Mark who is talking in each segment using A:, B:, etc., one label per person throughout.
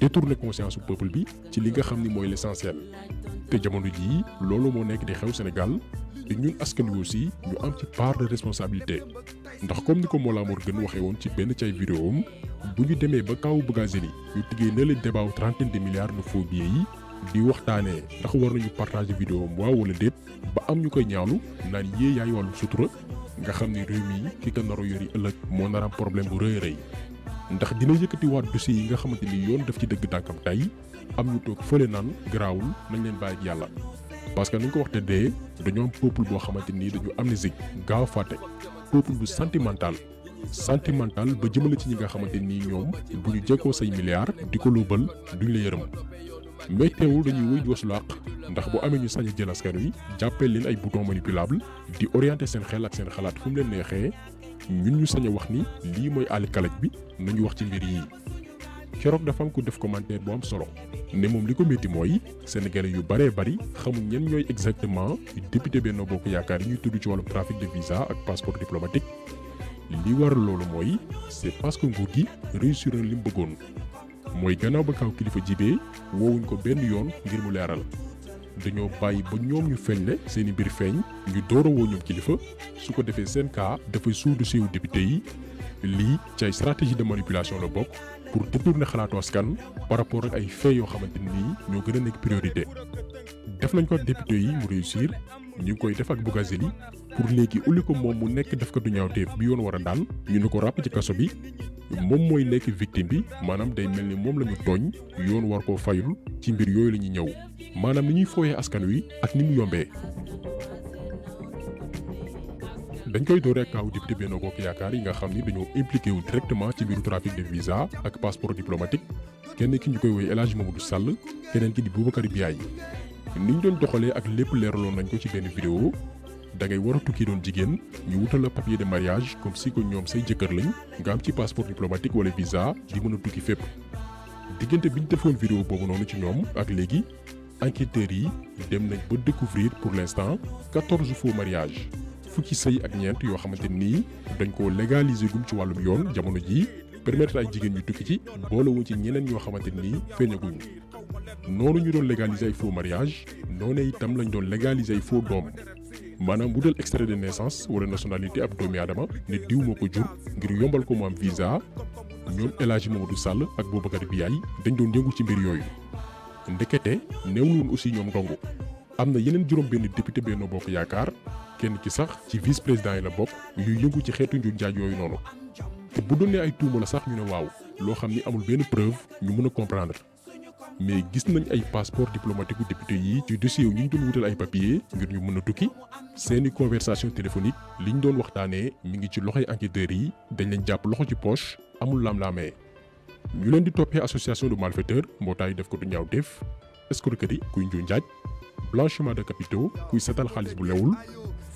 A: détourner conscience au peuple bi ci li nga xamni moy l'essentiel te jamono jii loolu mo nek di xew Sénégal te ñun askan wi aussi ñu am ci part de responsabilité ndax comme ni ko Mollah gën waxé won ci benn cay vidéo am bu ñu demee ba kaw bu Bougazelli ñu tigé na la débat trentaine de milliards de faux billets yi di waxtaanee ndax war nañu partager vidéo am waaw wala déet ba am ñu koy ñaanu nan yé yaay wàllu sutura nga xamni ni mi ki ko naru yori ëllëg moo naram problème bu rëy rëy ndax dina yëkkatiwaat dossiers yi nga xamante ni yoon daf ci dëgg tànkam tey am ñu toog fële naan garaawul nañ leen bàyyi ak yàlla parce que ni ñu ko wax te dee dañoo am peuple boo xamante ni dañu amnésique gaaw fàtte peuple bu sentimental sentimental ba jëmale ci ñi nga xamante ni ñoom bu ñu jekkoo say milliards di ko lóobal duñ la yërëm mais teewul dañuy wëy di wasu làq ndax bu amee ñu sañ a jël askan wi jàppee leen ay boutons manipulables di orienter seen xel ak seen xalaat fu mu leen neexee ñun ñu sañ a wax ni lii mooy àll bi nañu wax ci mbir yi keroog dafa am ko def commentaire bu am solo ne moom li ko métti mooy sénégalais yu baree bari xamul ñen ñooy exactement député benn Bokk Yaakaar yi ñuy tudd ci wàllum trafic de visa ak passeport diplomatique li war loolu mooy c'est parce que nguur gi réussir na li mu bëggoon mooy gannaaw ba kaw kilifa jibee woowuñ ko benn yoon ngir mu leeral dañoo bàyyi ba ñoom ñu feeñ le seen i mbir feeñ ñu door a woo ñoom kilifa su ko defee seen cas dafay suudu siiw député yi li ci ay stratégie de manipulation la bokk pour détourner xalaatu askan par rapport ak ay faits yoo xamante nii ñoo gën a nekk priorité. def nañ ko ak yi mu réussir ñu ngi koy def ak Bougazelli pour léegi ulli ko moom mu nekk def ko du ñaawteef bi yoon war a daan ñu ne ko ràpp ci kaso bi moom mooy nekk victime bi maanaam day mel ni moom la ñu tooñ yoon war koo fayul ci mbir yooyu la ñuy ñëw maanaam ni ñuy fooyee askan wi ak ni mu yombee. dañ koy dooree ak kaaw député beno Bokk Yaakaar yi nga xamni ni dañoo impliqué wu directement ci biiru trafic de visa ak passeport diplomatique kenn ki ñukoy woy El Hadj Mamadou Sall keneen ki di Boubacar Biaye niñ ñu doon doxalee ak lépp leeraloon nañ ko ci benn vidéo da ngay war a tukki doon jigéen ñu wutal papier de mariage comme si ko ñoom say jëkkër lañ nga am ci passeport diplomatique wala visa di mën a tukki fépp diggante biñ ñu defoon vidéo boobu noonu ci ñoom ak léegi enquêteurs yi dem nañ ba découvrir pour l' instant quatorze faux mariage fukki sëy ak ñeent yoo xamante nii dañ koo légaliser gum ci wàllum yoon jamono jii permettre ay jigéen ñu tukki ci boolewuñ ci ñeneen ñoo xamante nii feeñaguñu noonu ñu doon légaliser ay faux mariage noonu itam lañ doon légaliser ay faux doom maanaam bu dal extrait de naissance wala nationalité ab doomi aadama ne diw moo ko jur ngir yombal ko moo am visa ñoom El Hadji Mamadou Sall ak Boubacar Biaye dañ doon yëngu ci mbir yooyu ndekete neewul woon aussi ñoom ndongo am na yeneen juróom benn député Benno Bokk Yaakaar kenn ci sax ci vice président yi la bokk yuy yëngu ci xeetu njuuj njaaj yooyu noonu te bu doonee ay tuuma la sax ñu ne waaw loo xam ni amul benn preuve ñu mën a comprendre mais gis nañ ay passeport diplomatique u député yi ci dossier yu ñu doon wutal ay papier ngir ñu mën a tukki seeni conversation téléphonique liñ doon waxtaanee mi ngi ci loxoy enquêteurs yi dañ leen jàpp loxo ci poche amul laam-laamee ñu leen di toppee association de malfaiteurs mbootaayu def ko du ñaaw def escroquerie kuy njuuj njaaj blanchiment de capitaux kuy setal xaalis bu lewul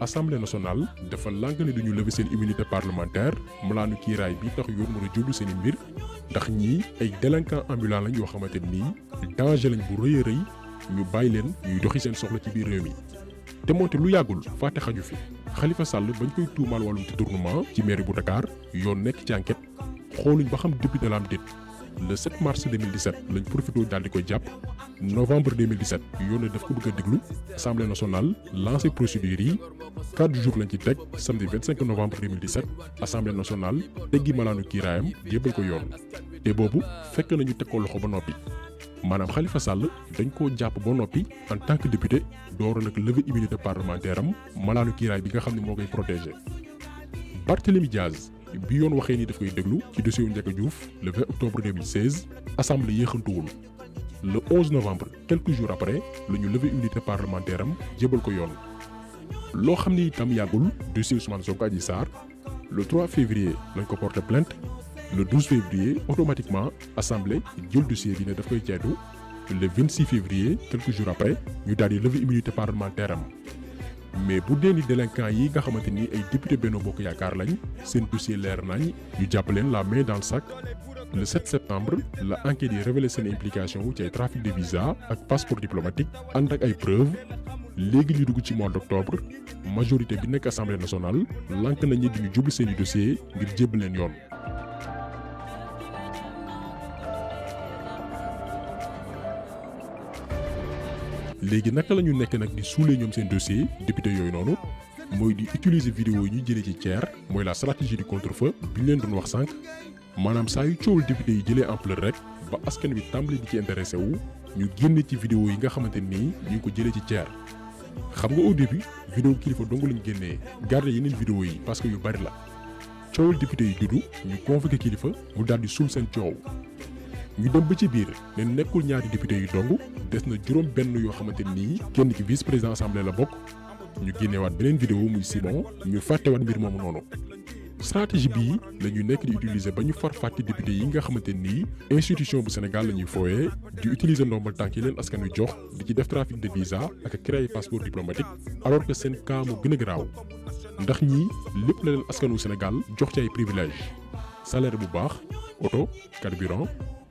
A: assemblée nationale dafa lànk ne duñu lever sen immunité parlementaire ki ray bi tax yoon mën a sen mbir ndax ñi ay délinquants ambulants lañ yoo xamante nii danger lañ bu reuy reuy ñu bàyyi leen ñuy doxi sen soxla ci biir réew mi. té moonte lu yagul fàtte xaju fi Khalifa Sall bañ koy walum ci tournement ci mairie bu Dakar yoon nek ci enquête xoluñ ba xam depuis de am le 7 mars 2017 lañ profité daliko di novembre 2017 yone daf ko bëgg assemblée nationale lancé procédure yi quatre jours lañ ci samedi 25 novembre 2017 assemblée nationale teggi malanou kiiraayam djébal ko yoon té bobu fekk nañu teg loxo ba nopi manam Khalifa Sall dañ ko japp ba nopi en tant que député door nak lever immunité parlementaire am malaanu kiiraay bi nga xamni ne protéger. koy protégé Barthélémy Diaz bi yoon waxee ni daf déglu ci dossier le 20 octobre 2016 assemblée yéexantuwul le 11 novembre quelques jours après le ñu levé unité parlementaire am jébal ko yoon. dossier Ousmane le 3 février lañ ko porté plainte le 12 février automatiquement assemblée jël dossier bi ne daf le 26 février quelques jours après ñu daal di levé immunité parlementaire am mais bu vous délinquants, délinquant yi nga xamanteni ay député Benno Bokk yakar lañ seen dossier leer nañ ñu la main dans le sac le 7 septembre la enquête révélé son implication sur ci trafic de visa ak passeport diplomatique En ay preuves légui ñu ci mois d'octobre, majorité de l'Assemblée nationale lank nañ ñi di ñu jublu dossier ngir léegi nak lañu nek nak di soulé ñoom sen dossier député yoy nonu moy di utiliser vidéo yi ñu jëlee ci Thier moy la stratégie du contre-feu bi ñu leen doon wax sank manam sa yu ciowul député yi jëlé ampleur rek ba askan wi tambli di ci intéressé wu ñu génné ci vidéo yi nga xamante ñu ko jëlé ci Thier xam nga au début vidéo kilifa dong lañ génné garder yeneen vidéo yi parce que yu bari la ciowul député yi dudu ñu convoqué kilifa mu dal di suul sen ciow ñu dem ba ci biir ne nekkul ñaari député yu dong des na juróom benn yoo xamante nii kenn ki vice président assemblée la bokk ñu génneewaat beneen vidéo muy Simon ñu fàttewaat mbir moomu noonu stratégie bii la ñu nekk di utiliser ba ñu far fàtte député yi nga xamante nii institution bu Sénégal la ñuy fooyee di utiliser ndombal tànk yi leen askan wi jox di ci def trafic de visa ak créer passeport diplomatique alors que seen cas moo gën a garaaw ndax ñii lépp la leen askanu Sénégal jox ci ay privilèges salaire bu baax oto carburant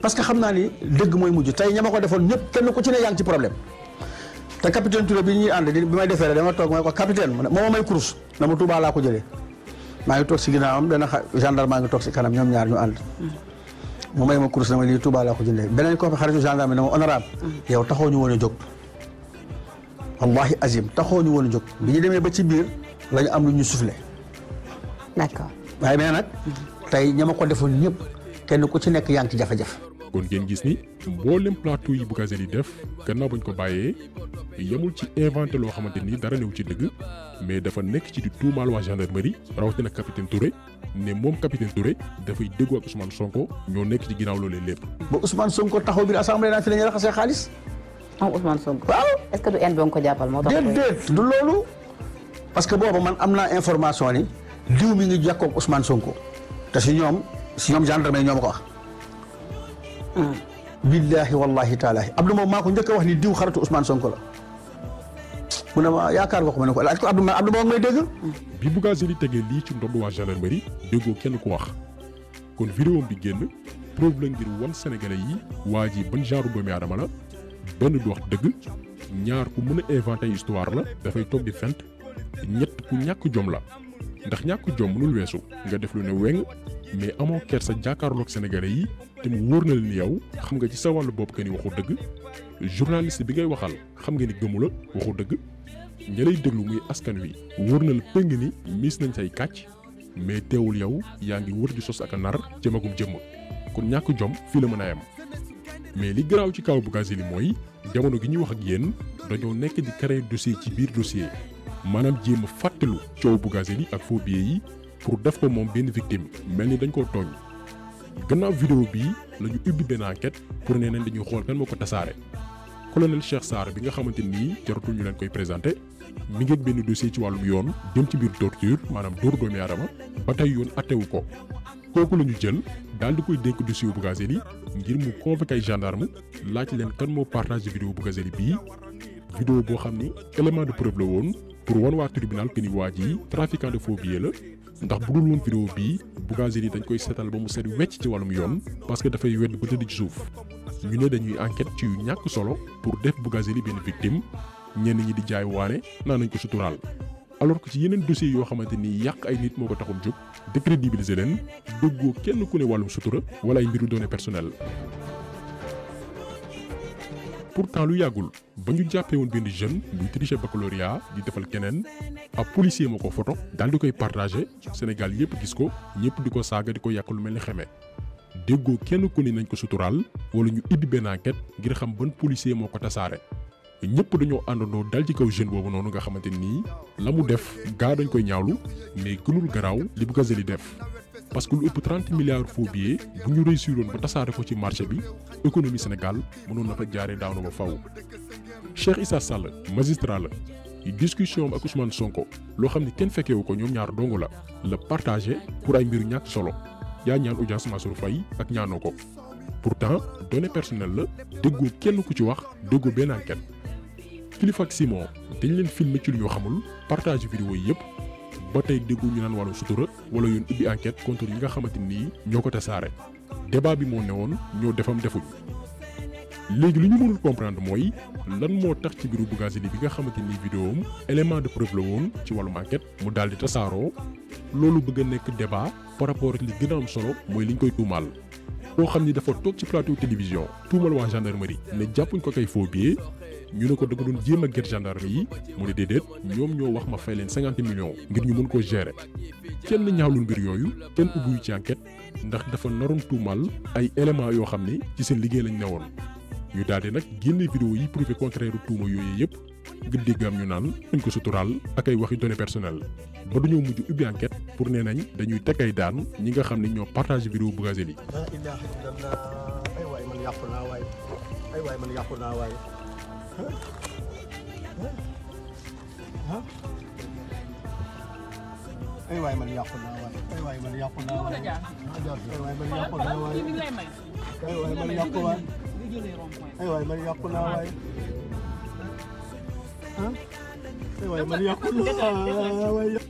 B: parce que xam naa ni dëgg mooy mujj tey ña ma ko defoon ñëpp kenn ku ci ne yaa ngi ci problème te bi ñuy ànd bi may defee dama toog mooy ko capitaine moo ma may course na laa ko jëlee maa ngi toog si ginnaawam dana xa maa ngi toog si kanam ñoom ñaar ñu ànd. may ma course na ma lii ko jëlee beneen ko xaritu gendarme na ma honorable yow taxoo ñu woon a jóg. wallahi azim taxoo ñu woon a jóg bi ñu demee ba ci biir la am lu ñu soufflé. d'accord waaye mais nag. tey ña ma defoon ñëpp kenn ku ci nekk yaa ngi ci jafe-jafe.
A: kon ngeen gis ni mboolem plateau yi bu gazel yi def gannaaw bañ ko bayé yamul ci inventer lo xamanteni dara néew ci deug mais dafa nek ci di tuumaal wa gendarmerie rawti na capitaine Touré ne mom capitaine Touré da fay déggoo ak Ousmane Sonko ño nek ci ginaaw lolé lepp bo Ousmane Sonko taxaw bir assemblée na fi lañu raxé raxasee am ah, Ousmane
B: Sonko. waaw est ce que du inde ba ko jàppal moo tax. déedéet
A: du lolou parce que bobu man amna
B: information ni diw mi ngi jakko Ousmane Sonko te ci ñom ci ñom gendarmerie ñom ko wax. billaahi wallaahi taalaahi Abdou moom maa ko njëkk wax ni diw xaritu
A: Ousmane Sonko la mu ne ma yaakaar nga ko ma ne ko laaj ko Abdou ma Abdou moom dégg bi Bougazelli tegee lii ci ndodd waa gendarmerie déggoo kenn ku wax kon vidéo bi génn preuve la ngir wan sénégalais yi waa ji ban genre doomi aadama la benn du wax dëgg ñaar ku mën a inventé histoire la dafay toog di fent ñett ku ñàkk jom la ndax ñàkk jom mënul weesu nga def lu ne weng mais amoo kersa jàkkaarloog yi te mu wóor na leen yow xam nga ci sa wàllu bopp que ni waxu dëgg journaliste bi ngay waxal xam nga ni gëmu waxu dëgg ña lay déglu muy askan wi wóor na la péng ni miis nañ say kàcc mais teewul yow yaa ngi wër di sos ak a nar jëmagum jëmm kon ñàkk jom fii la mën a yem mais li garaaw ci kaw Bougazelli mooy jamono gi ñuy wax ak yéen dañoo nekk di créer dossier ci biir dossier maanaam jéem a fàttalu coow Bougazelli ak faux billets yi pour def ko moom benn victime mel ni dañ koo tooñ gannaaw vidéo bii la ñu ubbi benn enquête pour ne leen dañuy xool kan moo ko tasaare colonel Cheikh saar bi nga xamante nii jaratul ñu leen koy présenté mi ngi benn dossier ci wàllum yoon jëm ci mbiru torture maanaam dóor doomi aadama ba tey yoon attewu ko kooku la ñu jël daal di koy dénk dossier Bougazelli ngir mu convoqué ay gendarme laaj leen kan moo partage vidéo Bougazelli bii vidéo boo xam ni élément de preuve la woon pour wan waa tribunal que ni waa la ndax bu dul woon vidéo bii Bougazelli dañ koy seetal ba mu set wecc ci wàllum yoon parce que dafay wedd ba tëdd ci suuf ñu ne dañuy enquête ci yu ñàkk solo pour def Bougazelli benn victime ñenn ñi di jaay waane naa nañ ko suturaal alors que ci yeneen dossiers yoo xamante ni yàq ay nit moo ko taxul jóg décrédibiliser leen dëggoo kenn ku ne wàllum sutura wala ay mbiru données personnel pourtant lu yàggul ba ñu jàppee woon benn jeune buy triché baccalauréat di defal keneen ab policier moo photo dal di koy partager Sénégal yépp gis ko ñépp di ko saaga di ko yàq lu mel ni xeme déggoo kenn ku ni nañ ko sutural wala ñu ibbi benn enquête ngir xam ban policier moo ko tasaare ñëpp dañoo àndandoo dal ci kaw jeune boobu noonu nga xamante nii la mu def gaa dañ koy ñaawlu mais gënul garaaw li bu Gazeli def parce que lu 30 milliards faux billets bu ñu réussiron ba tasaare ko ci marché bi économie Sénégal mënoon na fa jaaree daanu ba faaw. Cheikh Issa Sall magistrat la discussion ak Ousmane Sonko lo xamni ne féké wu ko ñoom ñaar dong la le partager pour ay mbir ñak solo ya ñaan audience Mansour fay ak ñaanoo ko pourtant données personnelles la déggoo kenn ku ci wax déggoo benn enquête Kilifeu Simon dañ leen filmer ci lu ñu xamul partager vidéo yépp ba tey déggu ñu naan wàllu sutura wala yoon ubbi enquête contre yi nga xamante nii ñoo ko te tasaare débat bi moo woon ñoo defam defuñ léegi li ñu mënul comprendre mooy lan moo tax ci biiru Bougazelli bi nga xamante ni vidéo am élément de preuve la woon ci wàllum enquête mu daal di tasaaroo loolu bëgg a nekk débat par rapport ak li gën am solo mooy li ñu koy tuumaal. koo xam ni dafa toog ci plateau télévision tuumal waa gendarmerie ne jàppuñ ko kay faux billets ñu ne ko da nga doon jéem a ger gendarme yi mu ne déedéet ñoom ñoo wax ma fay leen cinquante ngir ñu mën koo gérer kenn ñaawlul mbir yooyu kenn ubbiwu ci enquête ndax dafa naroon tuumal ay éléments yoo xam ne ci seen liggéey lañ newoon ñu daal di nag génne vidéo yi prouvé contraire tuuma yooyu yëpp nga dégg am ñu naan dañ ko suturaal ak ay waxi données personnelles ba du mujj ubbi enquête pour nee nañ dañuy teg ay daan ñi nga xam ne ñoo partagé vidéo b
B: ay waay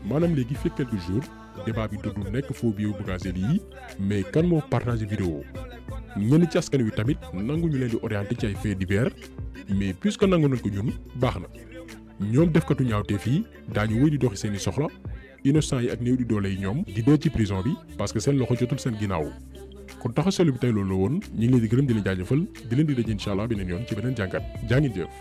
A: Madame fait quelques jours débat bi dugg phobie au bio mais kan partage partage vidéo ñenn ci askan wi tamit nangu ñu leen di orienté ci ay faits divers mais puisque nangu nañ ko ñun baax na ñoom katu ñaawte yi daañu wéy di doxi seeni i soxla innocent yi ak néew di doole yi ñoom di dee ci prison bi parce que seen loxo jotul seen ginnaaw kon taxa solo bi tey loolu la woon ñu ngi leen di gërëm di leen jaajëfal di leen di daje inshallah allah beneen yoon ci beneen jàngat jaa ngi jëf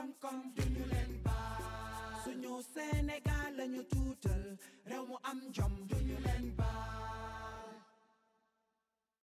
B: koom-koom du ñu leen baal suñu Sénégal lañu tuutal réew mu am jom